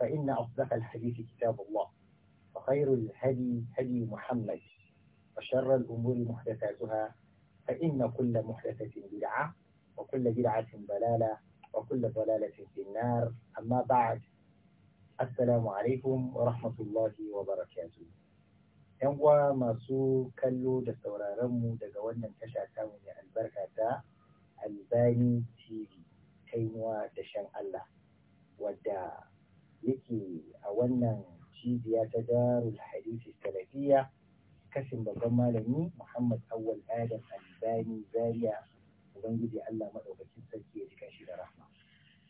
فإن أصدق الحديث كتاب الله وخير الهدي هدي محمد وشر الأمور محدثاتها فإن كل محدثة بدعة وكل بدعة ضلالة وكل ضلالة في النار أما بعد السلام عليكم ورحمة الله وبركاته ‘Yan uwa masu kallo da sauraronmu daga wannan tasha samu mai albarka ta Albani TV, kainuwa da shan Allah, wadda yake a wannan cibiya ta darul hadisi salafiya kashin babban malami muhammad awal adam albani zaria ubangiji allah maɗaukacin sarki ya jika shi da rahma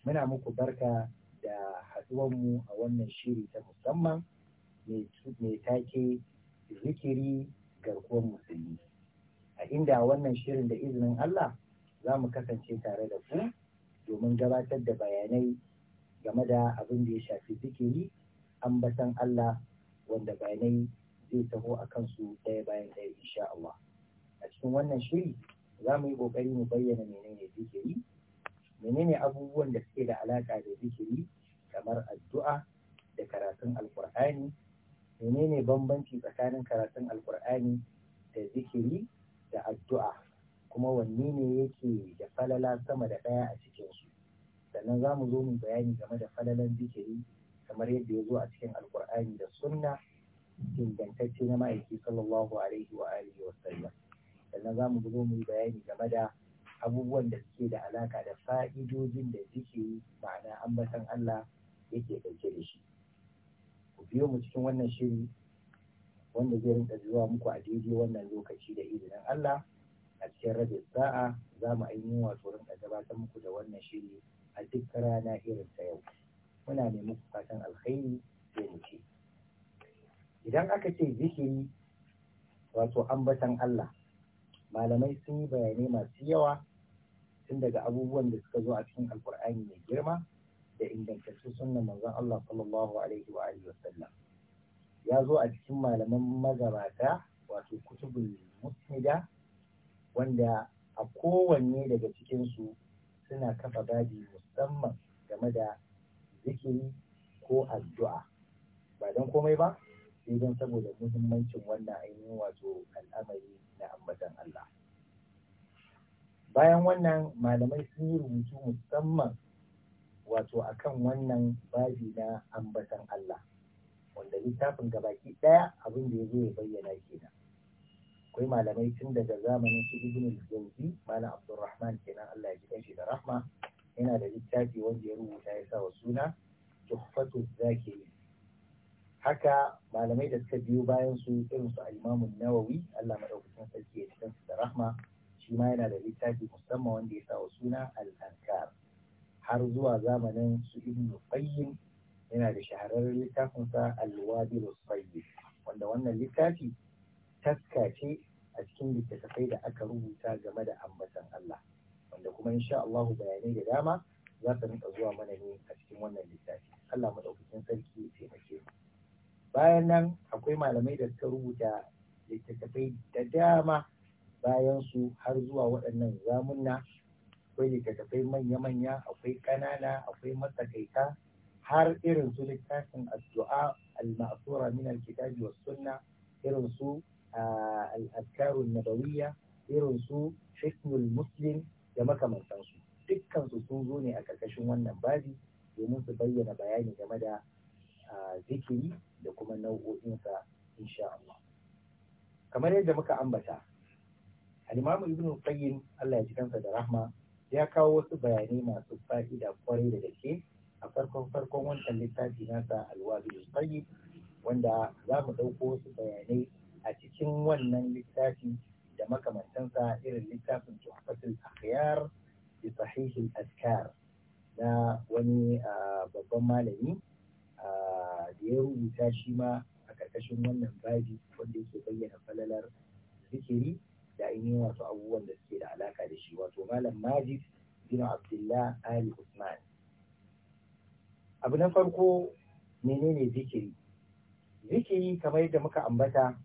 muna muku barka da haɗuwanmu a wannan shiri ta musamman mai take zikiri garkuwar musulmi a inda wannan shirin da izinin allah za mu kasance tare da ku domin gabatar da bayanai game da abin da ya shafi zikiri ambatan Allah wanda bayanai zai taho a kansu ɗaya bayan ɗaya insha Allah a cikin wannan shiri za mu yi ƙoƙari mu bayyana menene zikiri menene abubuwan da suke da alaƙa da zikiri kamar addu'a da karatun alƙur'ani menene bambanci tsakanin karatun alƙur'ani da zikiri da addu'a kuma wanne ne yake da falala sama da ɗaya a cikinsu sannan za mu zo mu bayani game da falalan zikiri kamar yadda ya zo a cikin alkur'ani da sunna ingantacce na ma'aiki sallallahu alaihi wa alihi wa sallam sannan za mu zo mu yi bayani game da abubuwan da suke da alaka da fa'idojin da zikiri ma'ana ambatan Allah yake ɗauke da shi ku biyo mu cikin wannan shiri wanda zai rinka zuwa muku a daidai wannan lokaci da izinin Allah a cikin rabin sa'a za mu ainihin wato rinka gabatar muku da wannan shiri a duk rana irin ta yau muna nemi fatan alkhairi ya mu idan aka ce zikiri wato ambatan Allah malamai sun yi bayanai masu yawa tun daga abubuwan da suka zo a cikin alkur'ani mai girma da ingantattun sunnan manzon Allah sallallahu alaihi wa alihi wasallam ya zo a cikin malaman magabata wato kutubul musnida wanda a kowanne daga cikin su suna kafa babi musamman game da zikiri ko addu'a ba don komai ba sai don saboda muhimmancin wannan ainihin wato al'amari na ambatan Allah bayan wannan malamai sun yi rubutu musamman wato akan wannan babi na ambatan Allah wanda littafin gabaki ɗaya abin da ya zo ya bayyana kenan akwai malamai tun daga zamanin su ibn al-jawzi malam abdurrahman kenan Allah ya ji kanshi da rahma yana da littafi wanda ya rubuta ya sa wa suna tuhfatu zakirin haka malamai da suka biyo bayan su irin su al-imamu nawawi Allah madaukakin sarki ya ji kansu da rahma shi ma yana da littafi musamman wanda ya sa wa suna al-ankar har zuwa zamanin su ibn qayyim yana da shahararren sa al-wabil wanda wannan littafi taska a cikin littattafai da aka rubuta game da ambatan Allah wanda kuma insha Allah bayanai da dama za su rinka zuwa mana ne a cikin wannan littafi Allah madaukakin sarki ya taimake mu bayan nan akwai malamai da suka rubuta littattafai da dama bayan su har zuwa waɗannan zamunna akwai littattafai manya-manya akwai ƙanana akwai matsakaita har irin su littafin addu'a al-ma'sura min al-kitabi was sunna irin su al'adkaru nabawiyya irin su hikmul muslim da makamantansu dukkansu sun zo ne a ƙarƙashin wannan babi domin su bayyana bayani game da zikiri da kuma nau'o'insa insha Allah kamar yadda muka ambata al-Imam Ibn Qayyim Allah ya ji kansa da rahma ya kawo wasu bayanai masu fa'ida kwarai da gaske a farkon farkon wannan littafi nasa al-Wabil Qayyim wanda za mu ɗauko wasu bayanai a cikin wannan littafi da makamantansa irin littafin tuhfatul akhyar bi sahihil azkar na wani babban malami da ya rubuta shi ma a karkashin wannan babi wanda yake bayyana falalar zikiri da ainihin wasu abubuwan da suke da alaka da shi wato malam majid bin abdullah ali usman abu na farko menene zikiri zikiri kamar yadda muka ambata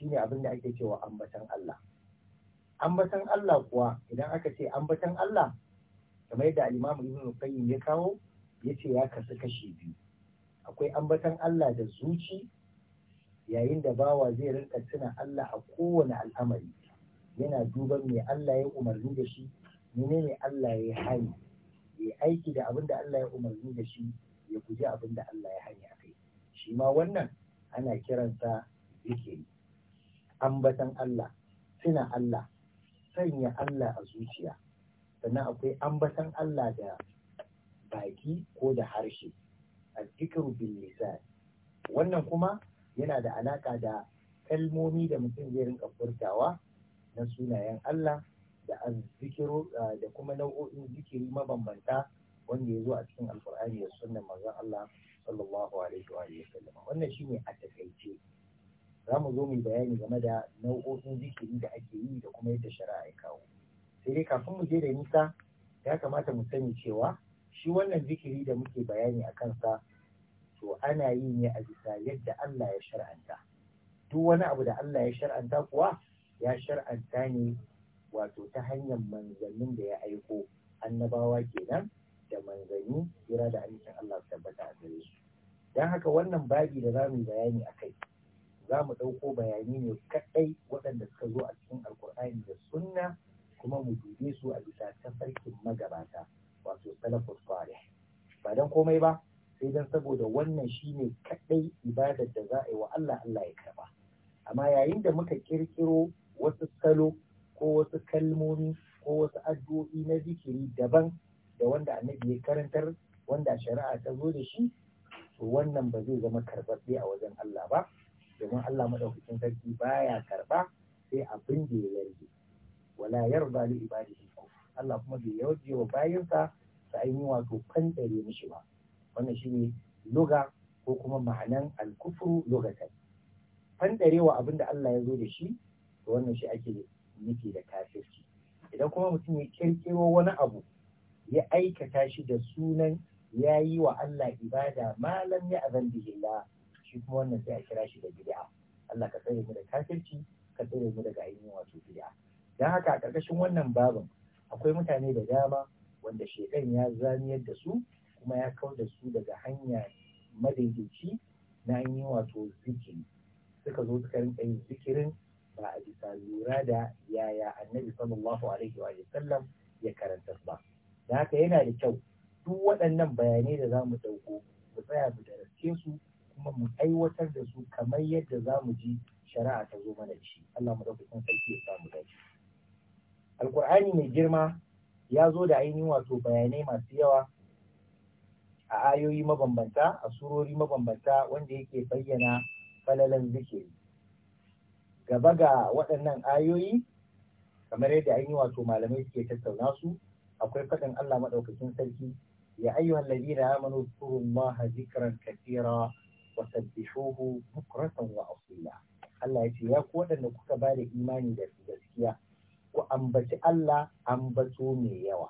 shine abin da ake cewa ambatan Allah ambatan Allah kuwa idan aka ce ambatan Allah kamar yadda al-Imam Ibn Qayyim ya kawo ya ce ya kasu kashi biyu akwai ambatan Allah da zuci yayin da bawa zai rinka tuna Allah a kowane al'amari yana duban me Allah ya umarni da shi menene Allah ya hani ya aiki da abin da Allah ya umarni da shi ya guji abin da Allah ya hani a kai shi ma wannan ana kiransa zikiri ambatan Allah suna Allah sanya Allah a zuciya sannan akwai ambatan Allah da baki ko da harshe azzikiru bil lisan wannan kuma yana da alaka da kalmomi da mutum zai rinka furtawa na sunayen Allah da azzikiru da kuma nau'o'in zikiri mabambanta wanda ya zo a cikin alkur'ani da sunnan manzon Allah sallallahu alaihi wa sallam wannan shine a takaice za mu zo mu yi bayani game da nau'o'in zikiri da ake yi da kuma yadda shari'a ya kawo sai dai kafin mu je da nisa ya kamata mu sani cewa shi wannan zikiri da muke bayani a kansa to ana yi ne a bisa yadda Allah ya shar'anta duk wani abu da Allah ya shar'anta kuwa ya shar'anta ne wato ta hanyar manzannin da ya aiko annabawa kenan da manzanni kira da amincin Allah tabbata a gare su don haka wannan babi da za mu bayani a kai za mu ɗauko bayani ne kaɗai waɗanda suka zo a cikin alkur'ani da sunna kuma mu dube su a bisa tafarkin magabata wato salafus salih ba dan komai ba sai dan saboda wannan shine kaɗai ibadar da za a yi wa Allah Allah ya karba amma yayin da muka kirkiro wasu salo ko wasu kalmomi ko wasu addu'o'i na zikiri daban da wanda annabi ya karantar wanda shari'a ta zo da shi to wannan ba zai zama karɓaɓɓe a wajen Allah ba domin Allah madaukakin sarki baya karba sai abin da ya yarda wala yarda li ibadihi Allah kuma bai yarda wa bayinsa da ainihin wato fantsare mishi ba wannan shine luga ko kuma ma'anan al-kufru lugatan wa abin da Allah ya zo da shi to wannan shi ake nufi da kafirci idan kuma mutum ya kirkiro wani abu ya aikata shi da sunan ya yi wa Allah ibada malam ya azan bihillah shi kuma wannan sai a kira shi da bid'a Allah ka tsare mu da kafirci ka tsare mu daga ainihin wato bid'a dan haka a ƙarƙashin wannan babin akwai mutane da dama wanda shekan ya zaniyar da su kuma ya kau da su daga hanya madaidaici na ainihin wato zikiri suka zo suka rinka yin zikirin ba a bisa lura da yaya annabi sallallahu alaihi wa sallam ya karanta ba da haka yana da kyau duk waɗannan bayanai da za mu ɗauko mu tsaya mu daraske su kuma mu aiwatar da su kamar yadda za mu ji shari'a ta zo mana shi Allah mu san sarki ya samu dace alkur'ani mai girma ya zo da ainihin wato bayanai masu yawa a ayoyi mabambanta a surori mabambanta wanda yake bayyana falalan zikiri gaba ga waɗannan ayoyi kamar yadda ainihin wato malamai suke tattauna su akwai faɗin Allah maɗaukakin sarki ya ayyuhan ladina amanu zkurullaha zikran kathira wasabbihuhu bukratan wa Allah ya ce ya ku waɗanda kuka ba da imani da gaskiya ku ambaci Allah ambato mai yawa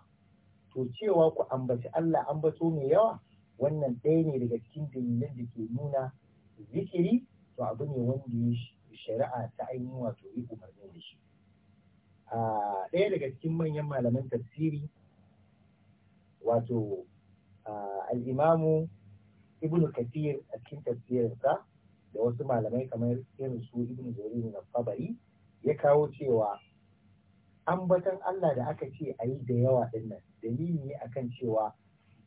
to cewa ku ambaci Allah ambato mai yawa wannan ɗaya ne daga cikin dalilan da ke nuna zikiri to abu ne wanda ya shari'a ta ainihin wato yi umarni da shi ɗaya daga cikin manyan malaman tafsiri wato al'imamu ibnu kafir a cikin tafsirinsa da wasu malamai kamar irin su ibnu jarir na fabari ya kawo cewa ambatan Allah da aka ce a yi da yawa din dalili ne akan cewa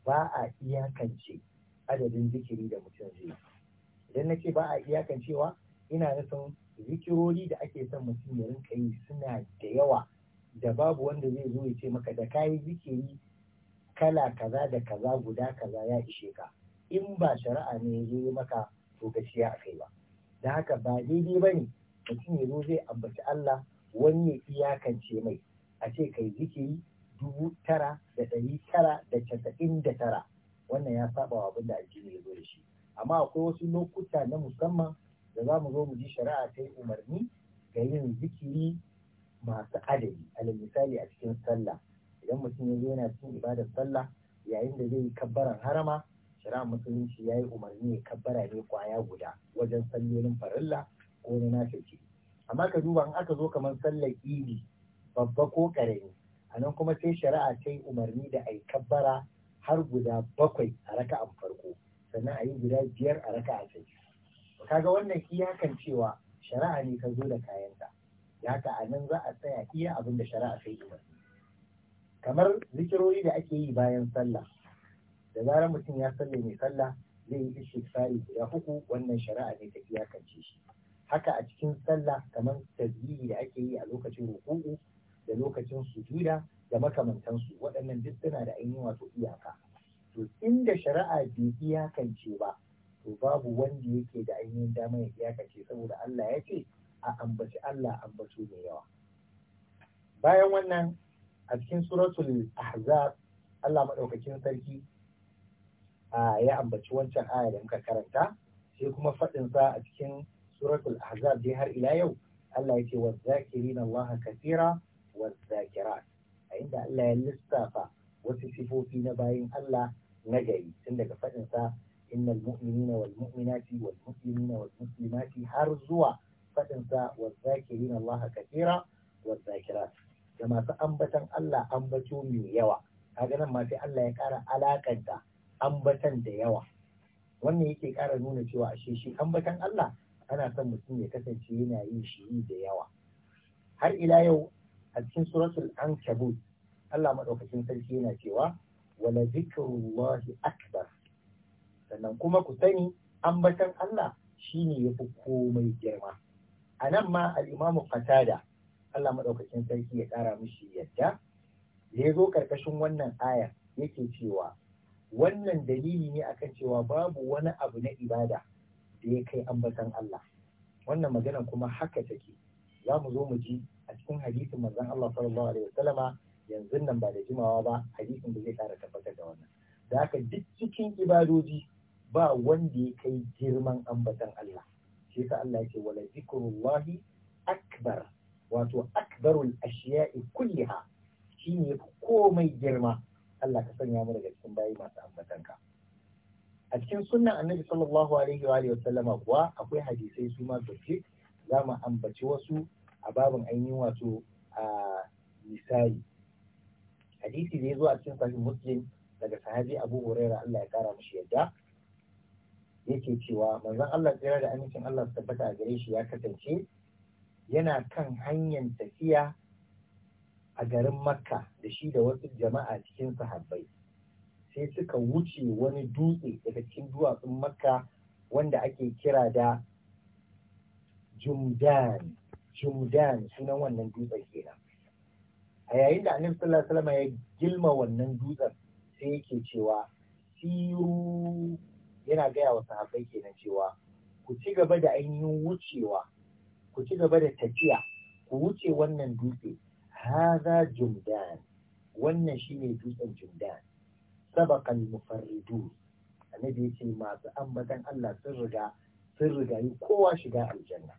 ba a iyakance adadin zikiri da mutum zai idan na ce ba a iyakancewa ina nufin zikirori da ake son mutum ya rinka yi suna da yawa da babu wanda zai zo ya ce maka da kayi zikiri kala kaza da kaza guda kaza ya ishe ka in ba shari'a ne ya yi maka to gaskiya a kai ba da haka ba daidai ba ne mutum ya zo zai ambaci Allah wani ya iyakance mai a ce kai zikiri dubu tara da ɗari tara da casa'in da tara wannan ya saba wa abin da addini ya zo da shi amma akwai wasu lokuta na musamman da za mu zo mu ji shari'a ta yi umarni ga yin zikiri masu adadi alal misali a cikin sallah idan mutum ya zo yana cikin ibadar sallah yayin da zai yi kabbaran harama shari'a musulunci ya yi umarni ya kabbara ne kwaya guda wajen sallolin farilla ko na nafiki amma ka duba in aka zo kamar sallar idi babba ko karami a nan kuma sai shari'a ta yi umarni da a yi kabbara har guda bakwai a a farko sannan a yi guda biyar a raka raka'a Ka kaga wannan iyakan cewa shari'a ne ka zo da kayanta ya haka a nan za a tsaya iya abin da shari'a ta yi umarni kamar zikirori da ake yi bayan sallah da zarar mutum ya salle mai sallah zai yi istighfari guda uku wannan shari'a ne ta iyakance shi haka a cikin sallah kamar tasbihi da ake yi a lokacin ruku'u da lokacin sujuda da makamantansu waɗannan duk suna da ainihin wato iyaka to inda shari'a bai iyakance ba to babu wanda yake da ainihin damar ya iyakace saboda Allah ya ce a ambaci Allah ambaci mai yawa bayan wannan a cikin suratul ahzab Allah madaukakin sarki ya ambaci wancan aya da muka karanta sai kuma faɗinsa a cikin suratul ahzab dai har ila yau Allah ya ce wa zakirina Allah kathira wa zakirat a inda Allah ya lissafa wasu sifofi na bayin Allah na gari tun daga faɗinsa innal mu'minina wal mu'minati wal muslimina wal muslimati har zuwa faɗinsa wa zakirina Allah kathira wa zakirat da masu ambatan Allah ambato mai yawa kaga nan ma sai Allah ya ƙara alakanta ambatan da yawa wannan yake ƙara nuna cewa ashe shi ambatan Allah ana son mutum ya kasance yana yin shi da yawa har ila yau a cikin suratul ankabut Allah madaukakin sarki yana cewa wala zikrullahi akbar sannan kuma ku sani ambatan Allah shine yafi komai girma a nan ma al-imamu qatada Allah madaukakin sarki ya ƙara mishi yadda da ya zo ƙarƙashin wannan ayar yake cewa wannan dalili ne akan cewa babu wani abu na ibada da ya kai ambatan Allah wannan magana kuma haka take za mu zo mu ji a cikin hadisin manzon Allah sallallahu alaihi wasallama yanzu nan ba da jimawa ba hadisin da zai kara tabbatar da wannan da haka duk cikin ibadoji ba wanda ya kai girman ambatan Allah shi yasa Allah ya ce wala zikrullahi akbar wato akbarul ashiya'i kulliha shine komai girma Allah ka sanya mu daga cikin bayi masu ambatanka a cikin sunnan annabi sallallahu alaihi wa sallama kuwa akwai hadisai su ma sosai za mu ambaci wasu a babin ainihin wato a misali hadisi da ya zo a cikin sahih muslim daga sahabi abu huraira Allah ya kara mishi yadda yake cewa manzon Allah tsira da amincin Allah su tabbata a gare shi ya kasance yana kan hanyar tafiya a garin makka da shi da wasu jama'a cikin sahabbai sai suka wuce wani dutse daga cikin duwatsun makka wanda ake kira da jumdan jumdan sunan wannan dutsen kenan a yayin da annabi sallallahu alaihi wasallam ya gilma wannan dutsen sai yake cewa siru yana gaya wa sahabbai kenan cewa ku ci gaba da ainihin wucewa ku ci gaba da tafiya ku wuce wannan dutse haza jumdan wannan shine dutsen jumdan sabakan mufarridu annabi ya ce masu ambatan Allah sun riga sun riga yi kowa shiga aljanna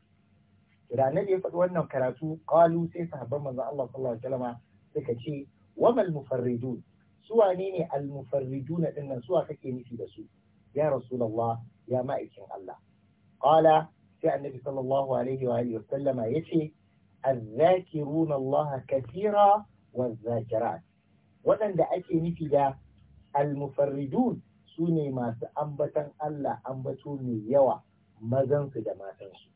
da annabi ya faɗi wannan karatu qalu sai sahabban manzo Allah sallallahu alaihi wasallam suka ce wa mal mufarridun suwa ne ne al mufarridun din suwa kake nufi da su ya rasulullah ya ma'aikin Allah qala sai annabi sallallahu alaihi wa alihi wasallama yace الذاكرون الله كثيرا والذاكرات وأن أكي نفدا المفردون سوني ما سأنبتا ألا أنبتوني يوى مزن سدما تنسو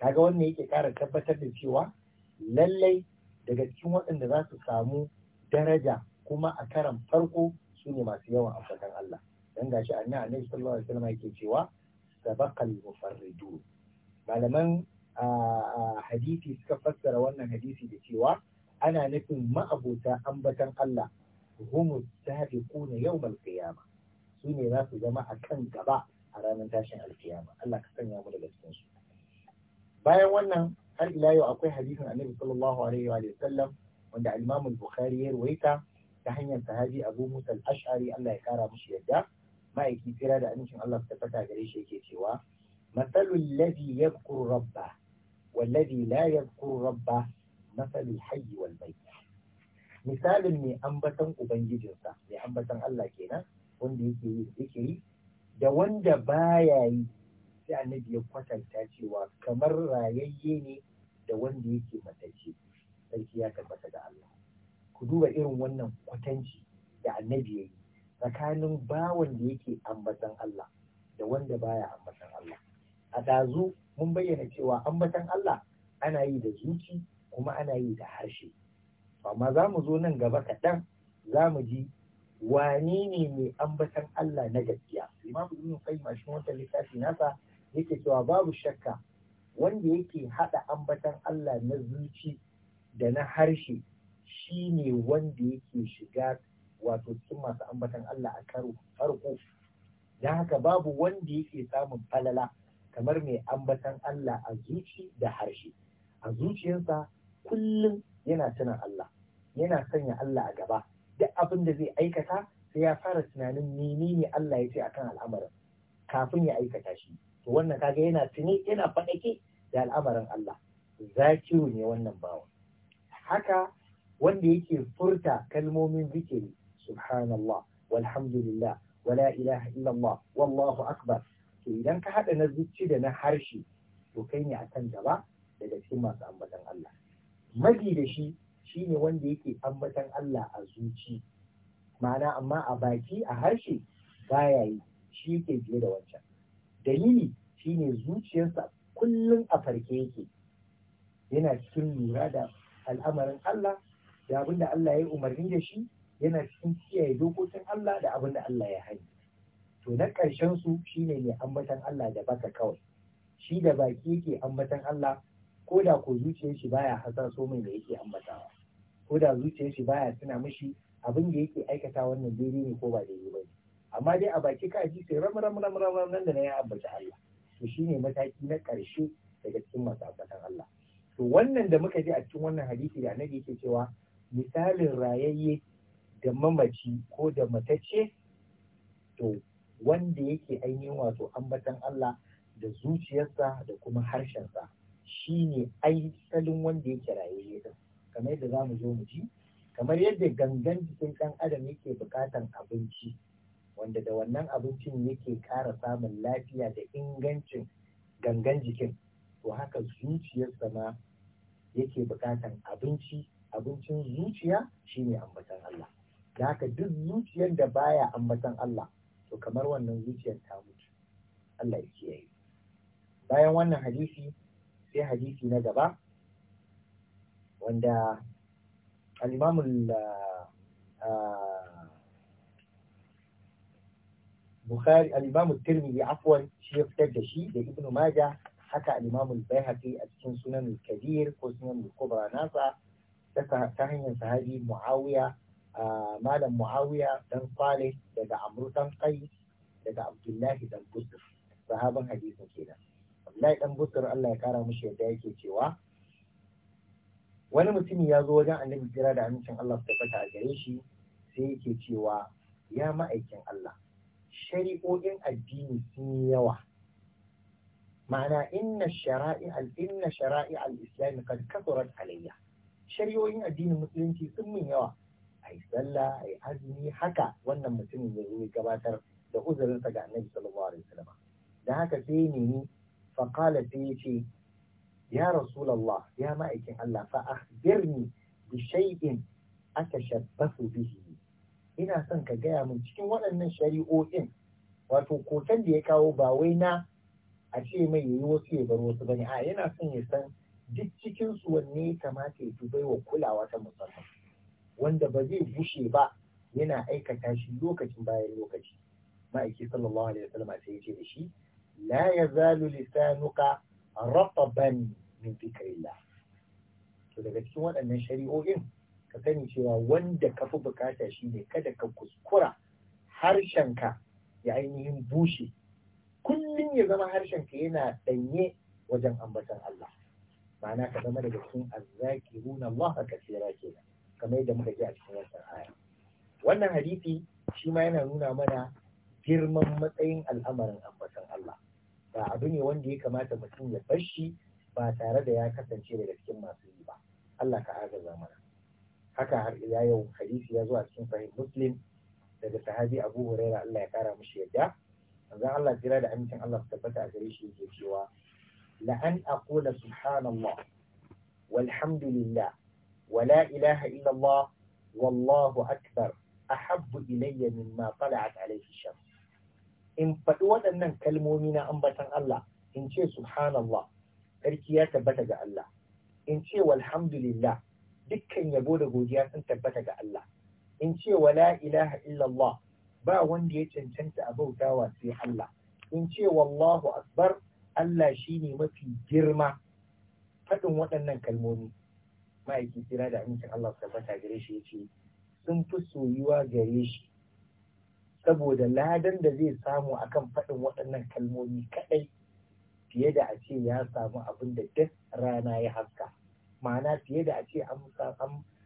kaga wanda yake ƙara tabbatar da cewa lallai daga cikin waɗanda za su samu daraja kuma a karan farko su ne masu yawan ambaton Allah dan gashi annabi sallallahu alaihi wasallam yake cewa sabaqal mufarridu malaman hadisi suka fassara wannan hadisi da cewa ana nufin ma'abota ambatan Allah humu sabiquna yawmal qiyama su ne za su zama a kan gaba a ranar tashin alkiyama Allah ka sanya mu daga cikin su bayan wannan har ila yau akwai hadisin Annabi sallallahu alaihi wa sallam wanda Imam Bukhari ya ruwaita ta hanyar sahabi Abu Musa al-Ash'ari Allah ya kara mushi yadda ma'aiki tsira da amincin Allah ta fata gare shi yake cewa matalul ladhi yadhkuru wallazi la yadhkuru rabba masalul hayyi wal mayyit misalin ne ambatan ubangijinsa mai ambatan Allah kenan wanda yake yi zikiri da wanda baya yi sai annabi ya kwatanta cewa kamar rayayye ne da wanda yake matacce sarki ya tabbata da Allah ku duba irin wannan kwatanci da annabi ya tsakanin bawan da yake ambatan Allah da wanda baya ambatan Allah a ɗazu mun bayyana cewa ambatan Allah ana yi da zuci kuma ana yi da harshe amma za mu zo nan gaba kaɗan za mu ji wani ne mai ambatan Allah na gaskiya imamu ibn qayyim a cikin wata littafi nasa yake cewa babu shakka wanda yake haɗa ambatan Allah na zuci da na harshe shi ne wanda yake shiga wato cikin masu ambatan Allah a karo farko don haka babu wanda yake samun falala kamar mai ambatan Allah a zuci da harshe a zuciyarsa kullum yana tunan Allah yana sanya Allah a gaba duk abin da zai aikata sai ya fara tunanin menene Allah ya ce akan al'amarin kafin ya aikata shi to wannan kaga yana tuni yana faɗake da al'amarin Allah zakiru ne wannan bawa haka wanda yake furta kalmomin zikiri subhanallah walhamdulillah wala ilaha illallah wallahu akbar to idan ka haɗa na zuci da na harshe to kai ne a kan gaba daga cikin masu ambatan Allah mafi da shi shi ne wanda yake ambatan Allah a zuci ma'ana amma a baki a harshe baya yi shi yake biye da wancan dalili shi ne zuciyarsa kullum a farke yake yana cikin lura da al'amarin Allah da abin da Allah ya yi umarni da shi yana cikin kiyaye dokokin Allah da abin da Allah ya hani to na ƙarshen su shine mai ambatan Allah da baka kawai shi da baki yake ambatan Allah ko da ko zuciyar shi baya hasaso mai da yake ambatawa ko da zuciyar shi baya tuna mishi abin da yake aikata wannan daidai ne ko ba daidai ba ne amma dai a baki ka ji sai ram ram ram ram nan da na ya ambata Allah to shine mataki na ƙarshe daga cikin masu ambatan Allah to wannan da muka ji a cikin wannan hadisi da annabi yake cewa misalin rayayye da mamaci ko da matacce to wanda yake ainihin wato ambatan Allah da zuciyarsa da kuma harshensa shi ne asalin wanda yake rayuwa da kamar yadda za mu zo mu ji kamar yadda gangan jikin ɗan adam yake buƙatar abinci wanda da wannan abincin yake ƙara samun lafiya da ingancin gangan jikin to haka zuciyarsa ma yake buƙatar abinci abincin zuciya shine ambatan Allah da haka duk zuciyar da baya ambatan Allah to kamar wannan zuciyar ta mutu Allah ya kiyaye bayan wannan hadisi sai hadisi na gaba wanda al-imamul ah, Bukhari al-Imam Tirmidhi afwan shi ya fitar da shi da Ibn Majah haka al-Imam a cikin Sunan kabir ko Sunan kubra nasa ta hanyar sahabi Muawiya malam muawiya dan kwale daga amru kai daga abdullahi dan busur sahaban hadisin kenan abdullahi dan butur Allah ya kara mushi yadda yake cewa wani mutum ya zo wajen annabi jira da amincin Allah su tabbata a gare shi sai yake cewa ya ma'aikin Allah shari'o'in addini sun yi yawa ma'ana inna shara'i al inna shara'i al islam kad kathurat alayya shari'o'in addinin musulunci sun min yawa a yi sallah a yi azumi haka wannan mutumin ya zo gabatar da uzurinsa ga annabi sallallahu alaihi wasallam da haka sai ya nemi faqala sai ya ce ya rasulullah ya ma'aikin Allah fa akhbirni bi shay'in atashabbahu bihi ina son ka gaya min cikin waɗannan shari'o'in wato kotan da ya kawo ba wai na a ce mai yi wasu ya bar wasu bane a yana son ya san duk cikin su wanne kamata ya fi wa kulawa ta musamman wanda ba zai bushe ba yana aikata shi lokacin bayan lokaci ma'aiki sallallahu alaihi wasallam sai ya ce da shi la yazalu lisanuka rataban min dhikrillah to daga cikin waɗannan shari'o'in ka sani cewa wanda ka fi bukata shi ne kada ka kuskura harshenka ya ainihin bushe kullum ya zama harshenka yana sanye wajen ambatan Allah ma'ana ka zama daga cikin azzakiruna Allah a kasira kenan kamar yadda muka ji a cikin wannan aya wannan hadisi shi ma yana nuna mana girman matsayin al'amarin ambaton Allah ba abu ne wanda ya kamata mutum ya bar shi ba tare da ya kasance daga cikin masu yi ba Allah ka agaza mana haka har ila yau hadisi ya zo a cikin sahih muslim daga sahabi Abu Huraira Allah ya kara mishi yadda manzon Allah jira da amincin Allah su tabbata a gare shi yake cewa la an aqula subhanallah walhamdulillah ولا إله wallahu الله والله أكبر أحب إلي مما طلعت عليه الشمس in faɗi waɗannan kalmomi na ambatan Allah in ce subhanallah sarki ya tabbata ga Allah in ce walhamdulillah dukkan yabo da godiya sun tabbata ga Allah in ce wala ilaha illallah ba wanda ya cancanta a bautawa sai Allah in ce wallahu akbar Allah shine mafi girma faɗin waɗannan kalmomi ma'aiki kira da amincin Allah su tabbata gare shi ya ce sun fi soyuwa gare shi saboda ladan da zai samu akan faɗin waɗannan kalmomi kaɗai fiye da a ce ya samu abin da duk rana ya haska ma'ana fiye da a ce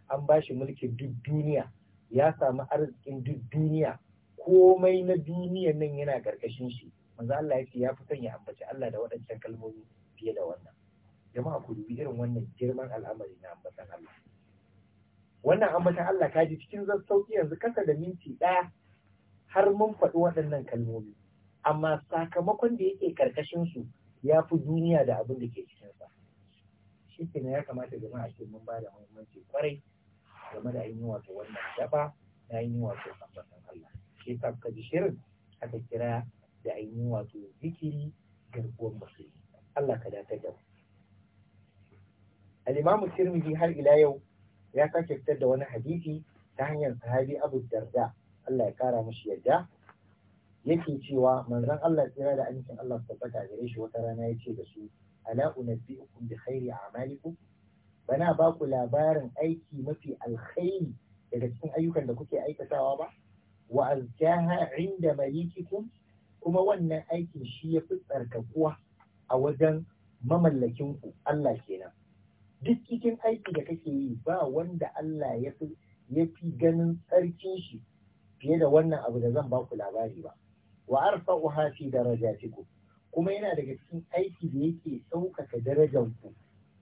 an ba shi mulkin duk duniya ya samu arzikin duk duniya komai na duniya nan yana ƙarƙashin shi manzo Allah ya ce ya fi son ya ambaci Allah da waɗancan kalmomi fiye da wannan jama'a ku dubi irin wannan girman al'amari na ambatan Allah wannan ambatan Allah ka ji cikin zassauki yanzu kasa da minti ɗaya har mun faɗi waɗannan kalmomi amma sakamakon da yake karkashin su ya fi duniya da abin da ke cikin sa shi ke ya kamata jama'a ce mun ba da muhimmanci kwarai game da ainihin wato wannan daba na ainihin wato ambatan Allah shi ka kuka ji shirin aka kira da ainihin wato zikiri garkuwar basiri. Allah ka dakatar da mu al-imam har ila yau ya sake fitar da wani hadisi ta hanyar sahabi abu darda Allah ya kara mashi yadda yake cewa manzon Allah tsira da amincin Allah su tabbata gare shi wata rana ya ce da su ala unabbi'ukum bi khairi a'malikum bana ba ku labarin aiki mafi alkhairi daga cikin ayyukan da kuke aikatawa ba wa azkaha inda malikikum kuma wannan aikin shi ya fi tsarkakuwa a wajen mamallakinku Allah kenan duk cikin aiki da kake yi ba wanda Allah ya fi ya fi ganin tsarkin shi fiye da wannan abu da zan baku labari ba wa arfa'uha daraja darajatikum kuma yana daga cikin aiki da yake ɗaukaka darajar ku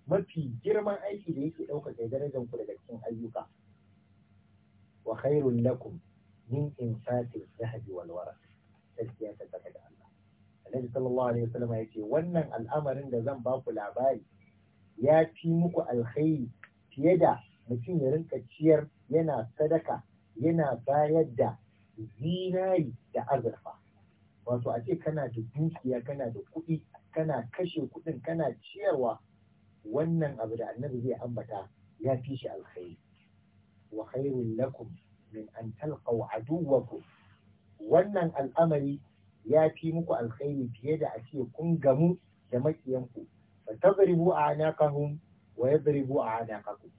mafi girman aiki da yake ɗaukaka darajar ku daga cikin ayyuka wa khairul lakum min infaqil zahabi wal waraq gaskiya ta daga Allah Annabi sallallahu alaihi wasallam yace wannan al'amarin da zan baku labari ya fi muku alkhairi fiye da mutum ya rinka ciyar yana sadaka yana bayar da zinari da azurfa wato a ce kana da dukiya kana da kuɗi kana kashe kuɗin kana ciyarwa wannan abu da annabi zai ambata ya fi shi alkhairi wa khairun lakum min an talqaw aduwwakum wannan al'amari ya fi muku alkhairi fiye da a ce kun gamu da maƙiyanku fatadribu a'naqahum wa yadribu a'naqakum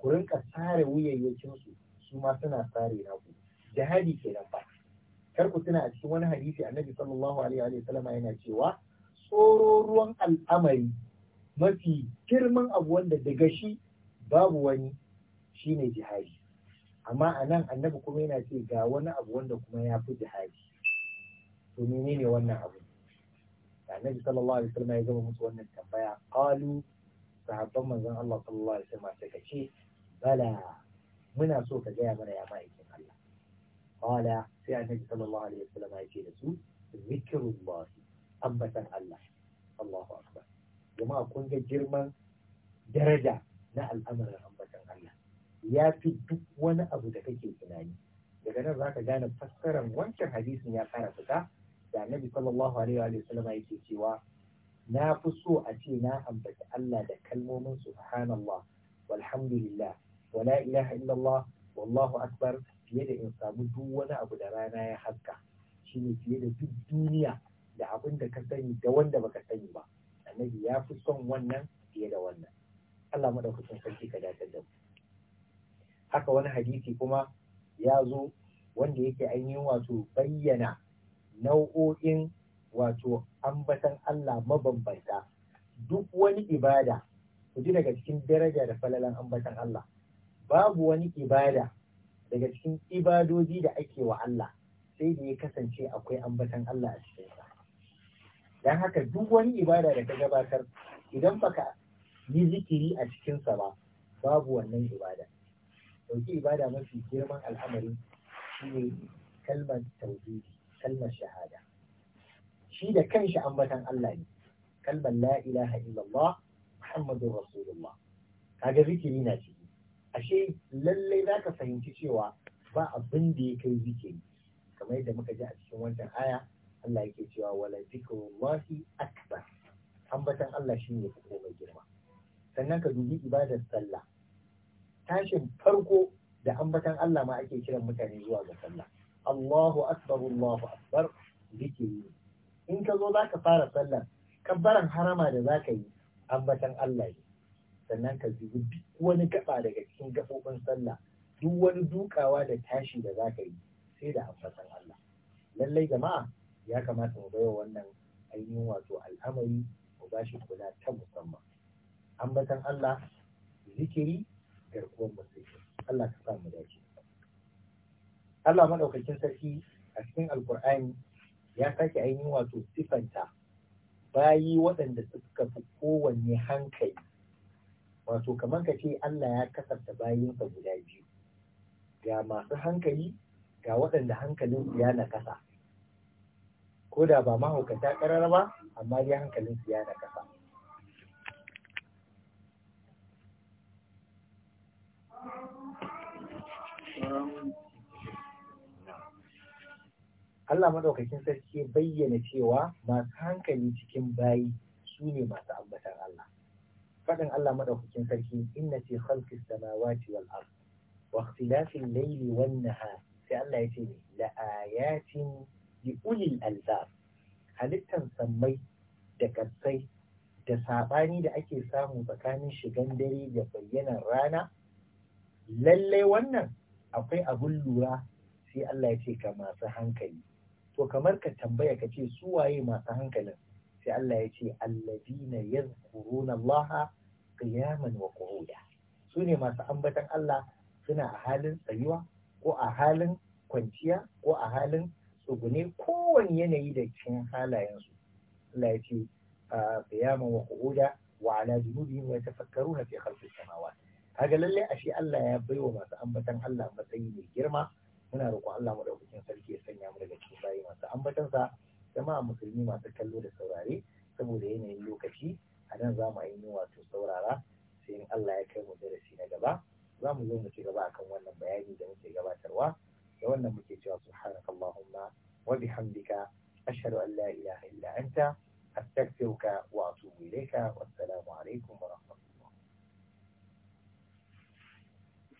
ku rinka sare wuyayyakin su su ma suna sare naku jihadi nan ba. kar ku tuna a cikin wani hadisi annabi sallallahu alaihi wa sallam yana cewa soro ruwan al'amari mafi girman abu wanda daga shi babu wani shine jihadi amma a nan annabi kuma yana ce ga wani abu wanda kuma yafi fi jihadi to menene wannan abu da annabi sallallahu alaihi wasallam ya gama musu wannan tambaya qalu sahabban manzon Allah sallallahu alaihi wasallam suka ce bala muna so ka gaya mana ya ma'aikin Allah qala sai annabi sallallahu alaihi wasallam ya ce da su zikrullah ambatan Allah Allahu akbar jama'a kun ga girman daraja na al'amarin ambatan Allah ya fi duk wani abu da kake tunani daga nan zaka gane fassarar wancan hadisin ya fara fita da annabi sallallahu alaihi wa sallam yake cewa na fi so a ce na ambaci Allah da kalmomin subhanallah walhamdulillah wala ilaha illallah wallahu akbar fiye da in samu duk wani abu da rana ya haska shine fiye da duk duniya da abin da ka sani da wanda baka sani ba annabi ya fi son wannan fiye da wannan Allah madaukakin sarki ka dace da mu haka wani hadisi kuma ya zo wanda yake ainihin wato bayyana nau'o'in wato ambatan Allah mabambanta duk wani ibada ku ji daga cikin daraja da falalan ambatan Allah babu wani ibada daga cikin ibadoji da ake wa Allah sai da ya kasance akwai ambatan Allah a cikin sa haka duk wani ibada da ka gabatar idan baka yi zikiri a cikinsa ba babu wannan ibada dauki ibada mafi girman al'amari shine kalmar tauhidi kalmar shahada shi da kanshi ambatan Allah ne kalmar la ilaha illallah muhammadur rasulullah kaga zikiri na ciki ashe lallai zaka fahimci cewa ba abin da ya kai zikiri kamar yadda muka ji a cikin wancan aya Allah yake cewa wala zikrullahi akbar ambatan Allah shine yafi komai girma sannan ka dubi ibadar sallah tashin farko da ambatan Allah ma ake kiran mutane zuwa ga sallah Allahu akbar Allahu akbar zikiri in ka zo za ka fara sallah kabbaran harama da zaka yi ambatan Allah ne sannan ka zubi duk wani gaba daga cikin gaɓoɓin sallah duk wani dukawa da tashi da zaka yi sai da ambatan Allah lallai jama'a ya kamata mu baiwa wannan ainihin wato al'amari mu bashi kula ta musamman ambatan Allah zikiri garkuwar musulmi Allah ka sa mu dace Allah maɗaukakin sarki a cikin alkur'ani ya sake ainihin wato sifanta bayi waɗanda suka fi kowanne hankali wato kamar ka ce Allah ya kasarta bayinsa guda biyu ga masu hankali ga waɗanda su ya kasa ko da ba mahaukata ƙarar ba amma dai su ya na Um... Allah madaukakin sarki ya bayyana cewa masu hankali cikin bayi su ne masu ambatar Allah faɗin Allah madaukakin sarki inna fi khalqis samawati wal ard wa ikhtilafil layli wan nahar sai Allah ya ce la ayatin li ulil albab halittan sammai da kasai da sabani da ake samu tsakanin shigan dare da bayyana rana lallai wannan akwai abun lura sai Allah ya ce ga masu hankali to kamar ka tambaya ka ce su waye masu hankalin sai Allah ya ce alladina yazkuruna Allah qiyaman wa qu'uda su ne masu ambatan Allah suna a halin tsayuwa ko a halin kwanciya ko a halin tsugune kowane yanayi da cikin halayensu Allah ya ce ah, qiyaman wa qu'uda wa ala junubihim wa yatafakkaruna fi khalqis samawati kaga lalle ashe Allah ya baiwa masu ambatan Allah matsayi mai girma muna roƙon Allah mu ɗaukakin sarki ya sanya mu daga cikin bayi masu ambatansa jama'a musulmi masu kallo da saurare saboda yanayin lokaci a nan za mu ainihin wato saurara sai in Allah ya kai mu darasi na gaba za mu zo mu ci gaba akan wannan bayani da muke gabatarwa da wannan muke cewa subhanakallahumma wa bihamdika ashhadu an la ilaha illa anta astaghfiruka wa atubu ilayka wassalamu alaikum wa rahmatullahi